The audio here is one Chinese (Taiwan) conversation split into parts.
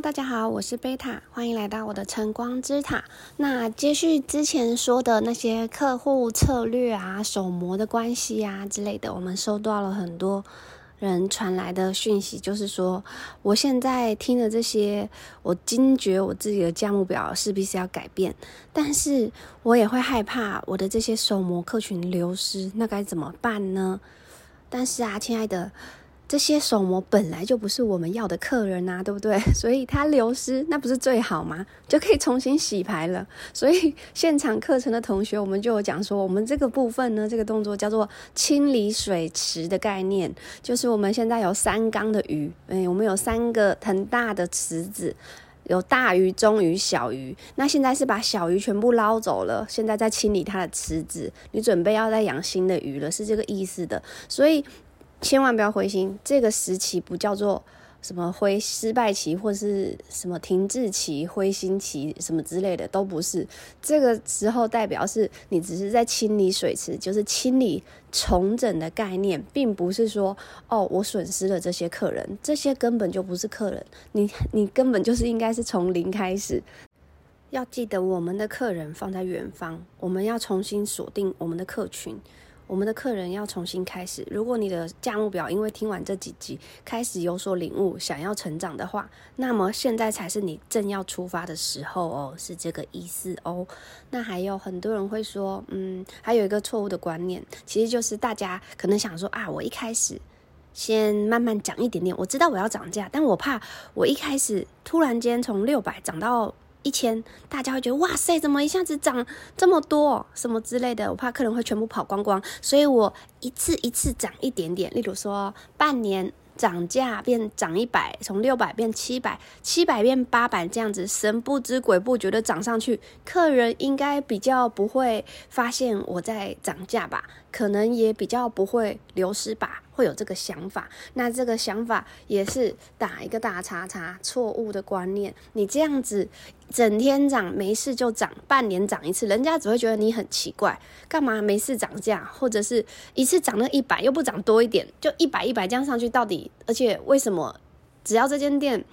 大家好，我是貝塔，歡迎來到我的晨光之塔。那接續之前說的那些客戶策略啊、手模的關係呀、啊、之類的，我們收到了很多人傳來的訊息，就是說我現在聽了這些，我驚覺我自己的價目表是不是要改變，但是我也會害怕我的這些手模客群流失，那該怎麼辦呢？但是啊，親愛的。這些手模本來就不是我們要的客人吶、啊，對不對？所以它流失，那不是最好嗎？就可以重新洗牌了。所以現場課程的同學，我們就有講說，我們這個部分呢，這個動作叫做清理水池的概念，就是我們現在有三缸的魚，哎，我們有三個很大的池子，有大魚、中魚、小魚。那現在是把小魚全部撈走了，現在在清理它的池子，你準備要再養新的魚了，是這個意思的。所以。千萬不要灰心，這個時期不叫做什麼灰失敗期或是什麼停滯期、灰心期什麼之類的都不是。這個時候代表是你只是在清理水池，就是清理重整的概念，並不是說哦我損失了這些客人，這些根本就不是客人。你你根本就是應該是從零開始。要記得我們的客人放在遠方，我們要重新鎖定我們的客群。我們的客人要重新開始。如果你的價目表因為聽完這幾集開始有所領悟，想要成長的話，那麼現在才是你正要出發的時候哦，是這個意思哦。那還有很多人會說，嗯，還有一個錯誤的觀念，其實就是大家可能想說啊，我一開始先慢慢漲一點點，我知道我要漲價，但我怕我一開始突然間從六百漲到。一千，大家會覺得哇塞，怎麼一下子漲這麼多，什麼之類的，我怕客人會全部跑光光，所以我一次一次漲一點點。例如說，半年漲價變漲一百，從六百變七百，七百變八百，這樣子神不知鬼不覺的漲上去，客人應該比較不會發現我在漲價吧？可能也比較不會流失吧？會有這個想法，那這個想法也是打一個大叉叉，錯誤的觀念。你這樣子整天漲，沒事就漲，半年漲一次，人家只會覺得你很奇怪，幹嘛沒事漲價，或者是一次漲了一百，又不漲多一點，就一百一百這樣上去，到底？而且為什麼只要這間店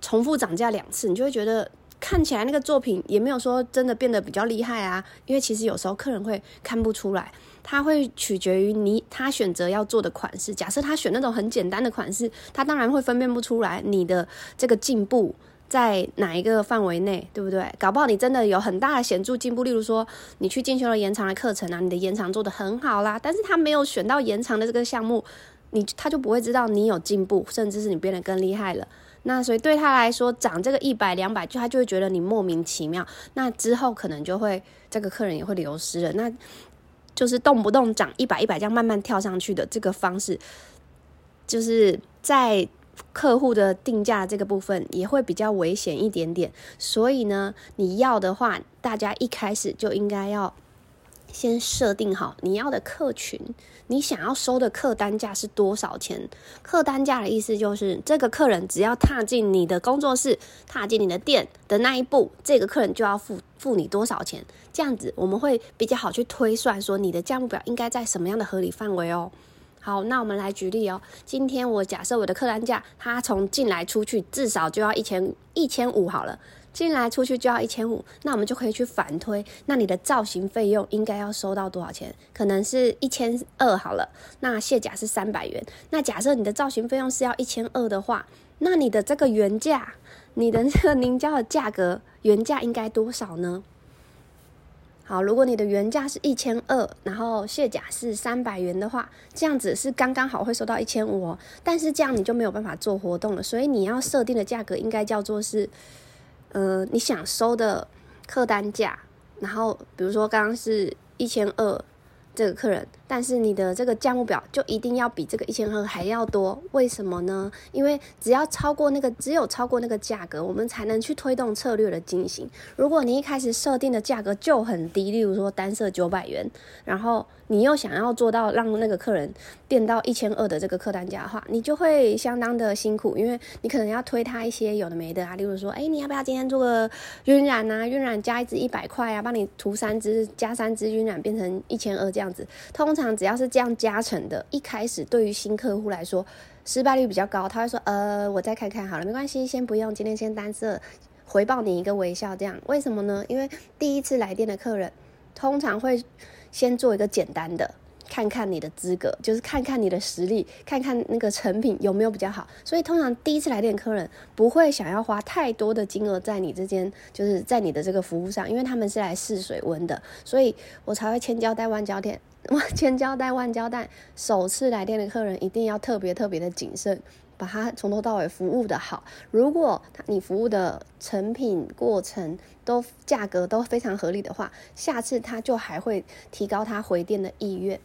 重複漲價兩次，你就會覺得看起來那個作品也沒有說真的變得比較厲害啊？因為其實有時候客人會看不出來。他會取決於你他選擇要做的款式。假設他選那種很簡單的款式，他當然會分辨不出來你的這個進步在哪一個範圍內，對不對？搞不好你真的有很大的顯著進步，例如說你去進修了延長的課程啊，你的延長做得很好啦，但是他沒有選到延長的這個項目，你他就不會知道你有進步，甚至是你變得更厲害了。那所以對他來說，漲這個一百兩百，就他就會覺得你莫名其妙。那之後可能就會這個客人也會流失了。那。就是動不動漲一百一百這樣慢慢跳上去的這個方式，就是在客戶的定價這個部分也會比較危險一點點。所以呢，你要的話，大家一開始就應該要。先設定好你要的客群，你想要收的客單價是多少錢？客單價的意思就是，這個客人只要踏進你的工作室，踏進你的店的那一步，這個客人就要付付你多少錢？這樣子我們會比較好去推算，說你的價目表應該在什麼樣的合理範圍哦。好，那我們來舉例哦。今天我假設我的客單價，他從進來出去至少就要一千、一千五好了。進來出去就要一千五，那我們就可以去反推，那你的造型費用應該要收到多少錢？可能是一千二好了。那卸甲是三百元，那假設你的造型費用是要一千二的話，那你的這個原價，你的這個凝膠的價格原價應該多少呢？好，如果你的原價是一千二，然後卸甲是三百元的話，這樣子是剛剛好會收到一千五哦，但是這樣你就沒有辦法做活動了，所以你要設定的價格應該叫做是。呃，你想收的客單價，然後比如說剛剛是一千二，這個客人，但是你的這個價目表就一定要比這個一千二還要多，為什麼呢？因為只要超過那個，只有超過那個價格，我們才能去推動策略的進行。如果你一開始設定的價格就很低，例如說單色九百元，然後。你又想要做到讓那個客人墊到一千二的這個客單價的話，你就會相當的辛苦，因為你可能要推他一些有的沒的啊，例如說，哎、欸，你要不要今天做個暈染啊？暈染加一支一百塊啊，幫你塗三支加三支暈染變成一千二這樣子。通常只要是這樣加成的，一開始對於新客戶來說失敗率比較高，他會說，呃，我再看看好了，沒關係，先不用，今天先單色，回報你一個微笑，這樣。為什麼呢？因為第一次來店的客人通常會。先做一個簡單的，看看你的資格，就是看看你的實力，看看那個成品有沒有比較好。所以通常第一次來店客人不會想要花太多的金額在你這間，就是在你的這個服務上，因為他們是來試水溫的。所以我才會千交代萬交代，我千交代萬交代。首次來店的客人一定要特別特別的謹慎。把它從頭到尾服務的好，如果你服務的成品過程都價格都非常合理的話，下次他就還會提高他回店的意願。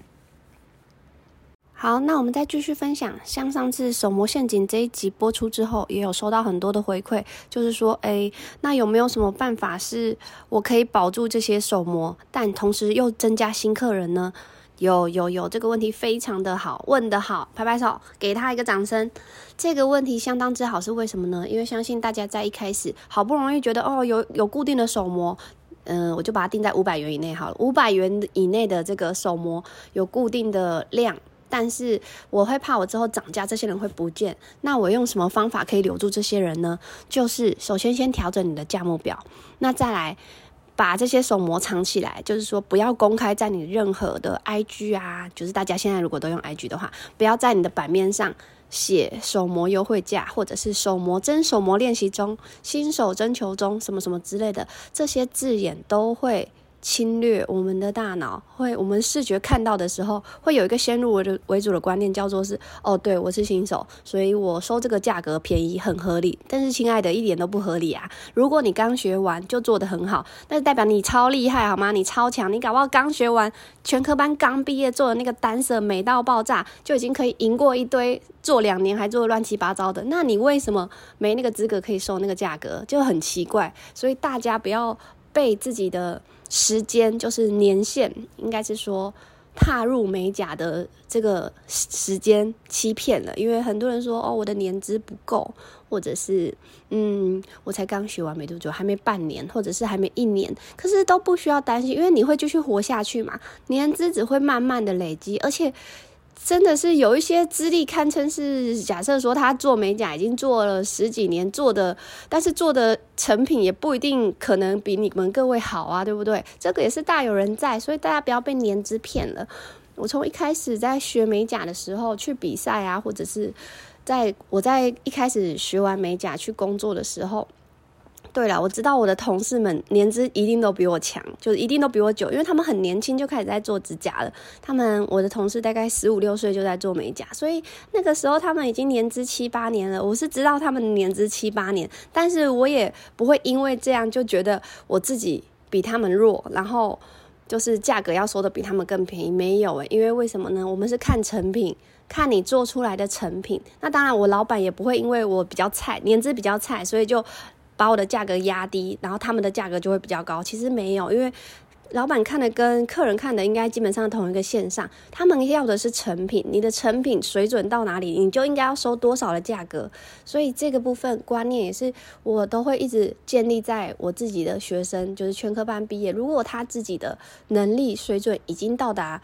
好，那我們再繼續分享，像上次手模陷阱這一集播出之後，也有收到很多的回饋，就是說，哎，那有沒有什麼辦法是我可以保住這些手模，但同時又增加新客人呢？有有有，這個問題非常的好，問得好，拍拍手，給他一個掌聲。這個問題相當之好，是為什麼呢？因為相信大家在一開始好不容易覺得哦，有有固定的手模，嗯、呃，我就把它定在五百元以內好了。五百元以內的這個手模有固定的量，但是我會怕我之後漲價，這些人會不見。那我用什麼方法可以留住這些人呢？就是首先先調整你的價目表，那再來。把這些手模藏起來，就是說不要公開在你任何的 IG 啊，就是大家現在如果都用 IG 的話，不要在你的版面上寫手模優惠價，或者是手模、真手模練習中、新手徵求中什麼什麼之類的這些字眼都會侵略我們的大腦，會我們視覺看到的時候，會有一個先入為為主的觀念，叫做是哦，對我是新手，所以我收這個價格便宜很合理。但是，親愛的一點都不合理啊！如果你剛學完就做得很好，那代表你超厲害好嗎？你超強，你搞不好剛學完全科班剛畢業做的那個單色美到爆炸，就已經可以贏過一堆做兩年還做的亂七八糟的。那你為什麼沒那個資格可以收那個價格？就很奇怪。所以大家不要被自己的。時間就是年限，應該是說踏入美甲的這個時間欺騙了，因為很多人說哦，我的年資不夠，或者是嗯，我才剛學完沒多久，還沒半年，或者是還沒一年，可是都不需要擔心，因為你會繼續活下去嘛，年資只會慢慢的累積，而且。真的是有一些資歷，堪稱是假設說他做美甲已經做了十幾年做的，但是做的成品也不一定可能比你們各位好啊，對不對？這個也是大有人在，所以大家不要被年資騙了。我從一開始在學美甲的時候去比賽啊，或者是在我在一開始學完美甲去工作的時候。對了，我知道我的同事們年資一定都比我強，就是一定都比我久，因為他們很年輕就開始在做指甲了。他們，我的同事大概十五六歲就在做美甲，所以那個時候他們已經年資七八年了。我是知道他們年資七八年，但是我也不會因為這樣就覺得我自己比他們弱，然後就是價格要說的比他們更便宜，沒有誒、欸，因為為什麼呢？我們是看成品，看你做出來的成品。那當然，我老板也不會因為我比較菜，年資比較菜，所以就。把我的價格壓低，然後他們的價格就會比較高。其實沒有，因為老闆看的跟客人看的應該基本上同一個線上。他們要的是成品，你的成品水準到哪裡，你就應該要收多少的價格。所以這個部分觀念也是我都會一直建立在我自己的學生，就是全科班畢業。如果他自己的能力水準已經到達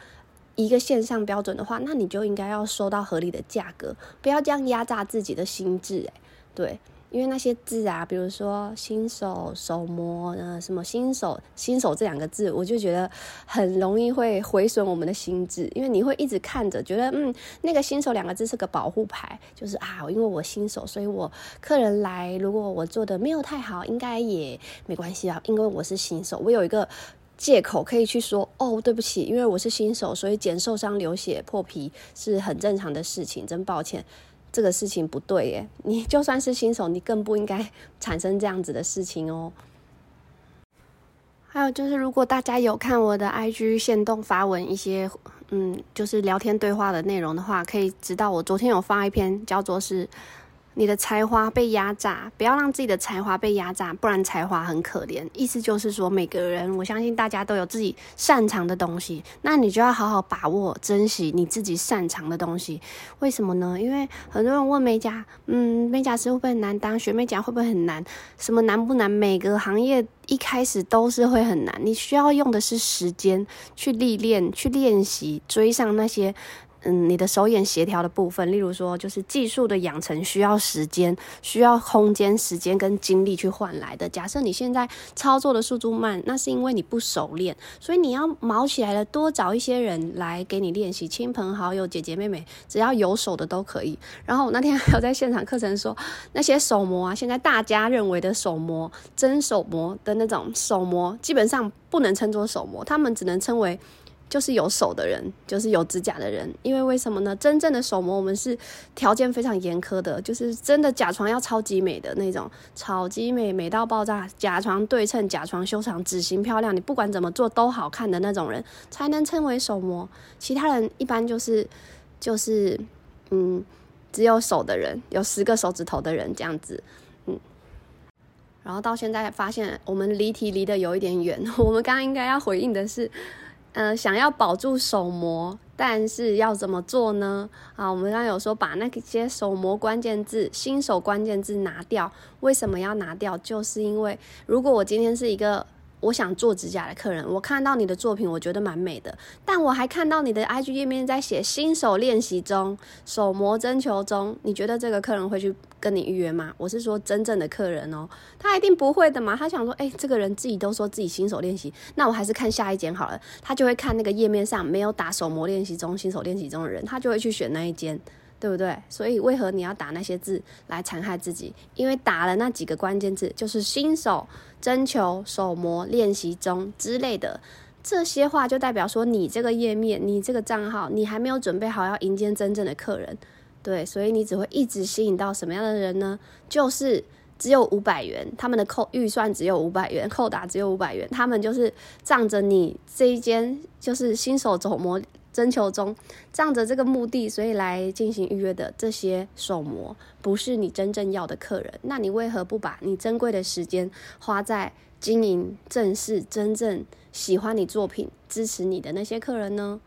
一個線上標準的話，那你就應該要收到合理的價格，不要這樣壓榨自己的心智、欸。哎，對。因為那些字啊，比如說新手手模，什麼新手新手這兩個字，我就覺得很容易會毀損我們的心智，因為你會一直看着，覺得嗯，那個新手兩個字是個保護牌，就是啊，因為我新手，所以我客人來，如果我做得沒有太好，應該也沒關係啊，因為我是新手，我有一個借口可以去說，哦，對不起，因為我是新手，所以剪，受傷、流血、破皮是很正常的事情，真抱歉。這個事情不對耶！你就算是新手，你更不應該產生這樣子的事情哦。還有就是，如果大家有看我的 IG 限動發文一些，嗯，就是聊天對話的內容的話，可以知道我昨天有發一篇叫做是。你的才華被壓榨，不要讓自己的才華被壓榨，不然才華很可憐。意思就是說，每個人，我相信大家都有自己擅長的東西，那你就要好好把握、珍惜你自己擅長的東西。為什麼呢？因為很多人問美甲，嗯，美甲師會不會很難當？學美甲會不會很難？什麼難不難？每個行業一開始都是會很難，你需要用的是時間去歷練、去練習，追上那些。嗯，你的手眼協調的部分，例如說，就是技術的養成需要時間、需要空間、時間跟精力去換來的。假設你現在操作的速度慢，那是因為你不熟練，所以你要卯起來了，多找一些人來給你練習，親朋好友、姐姐妹妹，只要有手的都可以。然後我那天還有在現場課程說，那些手模啊，現在大家認為的手模、真手模的那種手模，基本上不能稱作手模，他們只能稱為。就是有手的人，就是有指甲的人，因為為什麼呢？真正的手模，我們是條件非常嚴苛的，就是真的甲床要超級美的那種，超級美，美到爆炸，甲床對稱，甲床修長，指型漂亮，你不管怎麼做都好看的那種人，才能稱為手模。其他人一般就是，就是，嗯，只有手的人，有十個手指頭的人這樣子，嗯。然後到現在發現，我們離題離得有一點遠，我們剛剛應該要回應的是。嗯、呃，想要保住手模，但是要怎麼做呢？啊，我們剛剛有說，把那些手模關鍵字、新手關鍵字拿掉，為什麼要拿掉？就是因為如果我今天是一個。我想做指甲的客人，我看到你的作品，我覺得蠻美的。但我還看到你的 IG 頁面在寫新手練習中，手模徵求中。你覺得這個客人會去跟你預約嗎？我是說真正的客人哦，他一定不會的嘛。他想說，誒、欸，這個人自己都說自己新手練習，那我還是看下一間好了。他就會看那個頁面上沒有打手模練習中、新手練習中的人，他就會去選那一間。對不對？所以為何你要打那些字來殘害自己？因為打了那幾個關鍵字，就是新手、徵求、手模、練習中之類的，這些話就代表說你這個頁面、你這個賬號，你還沒有準備好要迎接真正的客人。對，所以你只會一直吸引到什麼樣的人呢？就是只有五百元，他們的扣預算只有五百元，扣打只有五百元，他們就是仗着你這一間就是新手手模。徵求中，仗着這個目的，所以來進行預約的這些手模，不是你真正要的客人。那你為何不把你珍貴的時間花在經營正式、真正喜歡你作品、支持你的那些客人呢？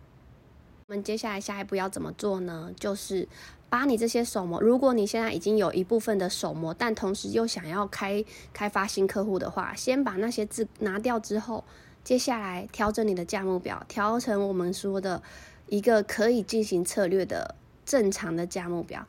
我們接下來下一步要怎麼做呢？就是把你這些手模，如果你現在已經有一部分的手模，但同時又想要開開發新客戶的話，先把那些字拿掉之後。接下來調整你的價目表，調成我們說的一個可以進行策略的正常的價目表。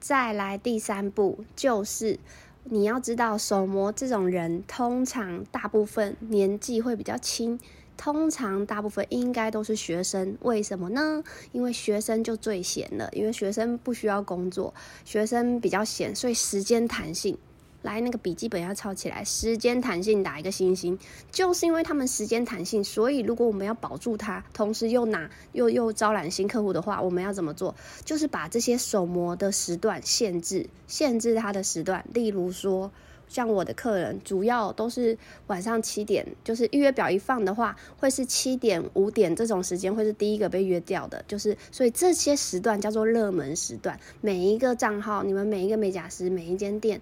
再來第三步就是，你要知道手模這種人，通常大部分年紀會比較輕，通常大部分應該都是學生。為什麼呢？因為學生就最閒了，因為學生不需要工作，學生比較閒，所以時間彈性。來那個筆記本要抄起來，時間彈性打一個星星，就是因為他們時間彈性，所以如果我們要保住它，同時又拿又又招攬新客戶的話，我們要怎麼做？就是把這些手模的時段限制，限制它的時段，例如說。像我的客人主要都是晚上七點，就是預約表一放的話，會是七點、五點這種時間會是第一個被約掉的，就是所以這些時段叫做熱門時段。每一個賬號、你們每一個美甲師、每一間店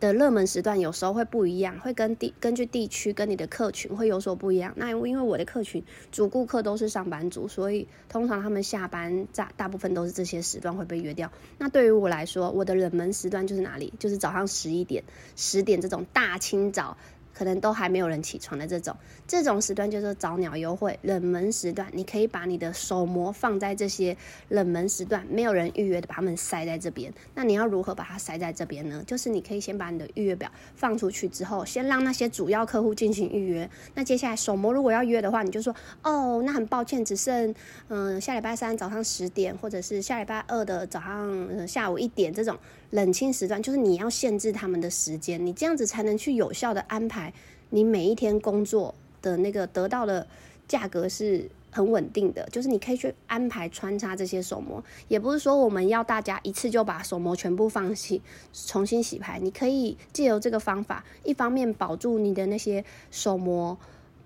的熱門時段有時候會不一樣，會跟地根據地區跟你的客群會有所不一樣。那因為我的客群主顧客都是上班族，所以通常他們下班大部分都是這些時段會被約掉。那對於我來說，我的冷門時段就是哪裡？就是早上十一點。十十點這種大清早，可能都還沒有人起床的這種，這種時段就是早鳥優惠、冷門時段。你可以把你的手模放在這些冷門時段，沒有人預約的，把它們塞在這邊。那你要如何把它塞在這邊呢？就是你可以先把你的預約表放出去之後，先讓那些主要客戶進行預約。那接下來手模如果要約的話，你就說哦，那很抱歉，只剩嗯、呃、下禮拜三早上十點，或者是下禮拜二的早上、呃、下午一點這種。冷清時段就是你要限制他們的時間，你這樣子才能去有效的安排你每一天工作的那個得到的價格是很穩定的。就是你可以去安排穿插這些手模，也不是說我們要大家一次就把手模全部放棄，重新洗牌，你可以借由這個方法，一方面保住你的那些手模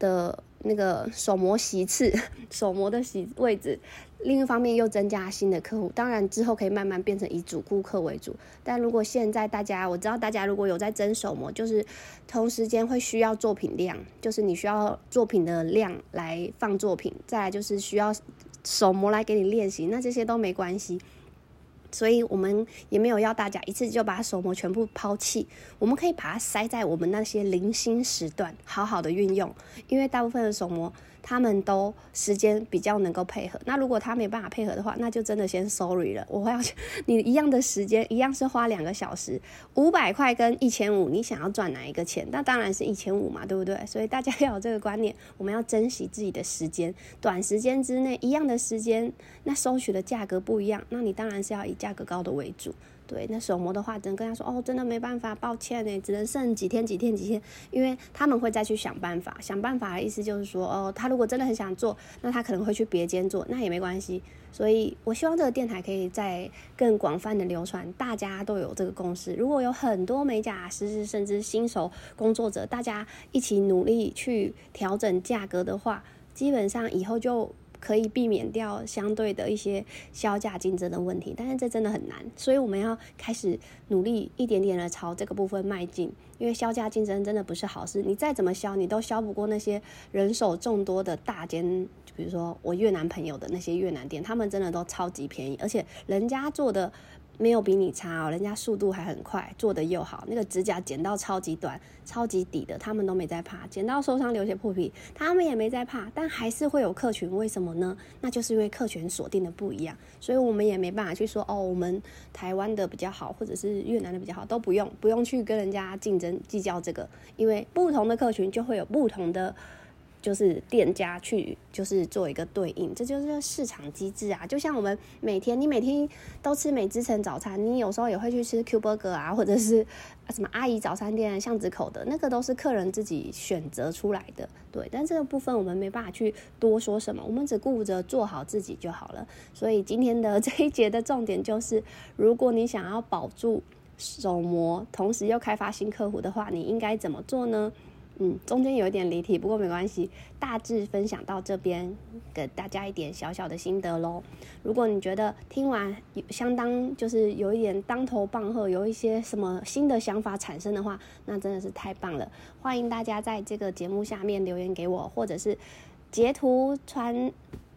的。那個手模席次，手模的席位置，另一方面又增加新的客戶，當然之後可以慢慢變成以主顧客為主。但如果現在大家，我知道大家如果有在徵手模，就是同時間會需要作品量，就是你需要作品的量來放作品，再來就是需要手模來給你練習，那這些都沒關係。所以，我們也沒有要大家一次就把手模全部拋棄。我們可以把它塞在我們那些零星時段，好好的運用。因為大部分的手模。他們都時間比較能夠配合，那如果他沒辦法配合的話，那就真的先 sorry 了。我要你一樣的時間，一樣是花兩個小時，五百塊跟一千五，你想要賺哪一個錢？那當然是一千五嘛，對不對？所以大家要有這個觀念，我們要珍惜自己的時間，短時間之內一樣的時間，那收取的價格不一樣，那你當然是要以價格高的為主。對，那手模的話，只能跟他說哦，真的沒辦法，抱歉呢，只能剩幾天、幾天、幾天，因為他們會再去想辦法，想辦法的意思就是說，哦，他如果真的很想做，那他可能會去別間做，那也沒關係。所以，我希望這個電台可以在更廣泛的流傳，大家都有這個共識。如果有很多美甲師甚至新手工作者，大家一起努力去調整價格的話，基本上以後就。可以避免掉相對的一些削價競爭的問題，但是這真的很難，所以我們要開始努力一點點的朝這個部分邁進。因為削價競爭真的不是好事，你再怎麼削，你都削不過那些人手眾多的大間，就比如說我越南朋友的那些越南店，他們真的都超級便宜，而且人家做的，沒有比你差哦，人家速度還很快，做的又好，那個指甲剪到超級短、超級底的，他們都沒在怕，剪到受傷流血破皮，他們也沒在怕，但還是會有客群，為什麼呢？那就是因為客群鎖定的不一樣，所以我們也沒辦法去說哦，我們台灣的比較好，或者是越南的比較好，都不用不用去跟人家競爭計較這個，因為不同的客群就會有不同的。就是店家去，就是做一個對應，這就是市場機制啊。就像我們每天，你每天都吃美之城早餐，你有時候也會去吃 Q Burger 啊，或者是什麼阿姨早餐店、巷子口的那個，都是客人自己選擇出來的。對，但這個部分我們沒辦法去多說什麼，我們只顧着做好自己就好了。所以今天的這一節的重點就是，如果你想要保住手模，同時又開發新客戶的話，你應該怎麼做呢？嗯，中間有一點離題，不過沒關係，大致分享到這邊，給大家一點小小的心得咯。如果你覺得聽完相當就是有一點當頭棒喝，或者有一些什麼新的想法產生的話，那真的是太棒了。歡迎大家在這個節目下面留言給我，或者是截圖傳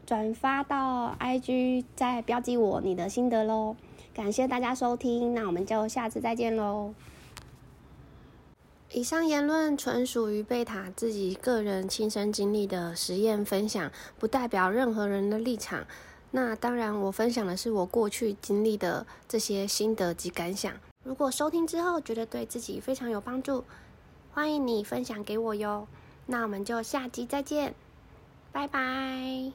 轉發到 IG 再標記我你的心得咯。感謝大家收聽，那我們就下次再見嘍。以上言論純屬於貝塔自己個人親身經歷的實驗分享，不代表任何人的立場。那當然，我分享的是我過去經歷的這些心得及感想。如果收聽之後覺得對自己非常有幫助，歡迎你分享給我喲。那我們就下集再見，拜拜。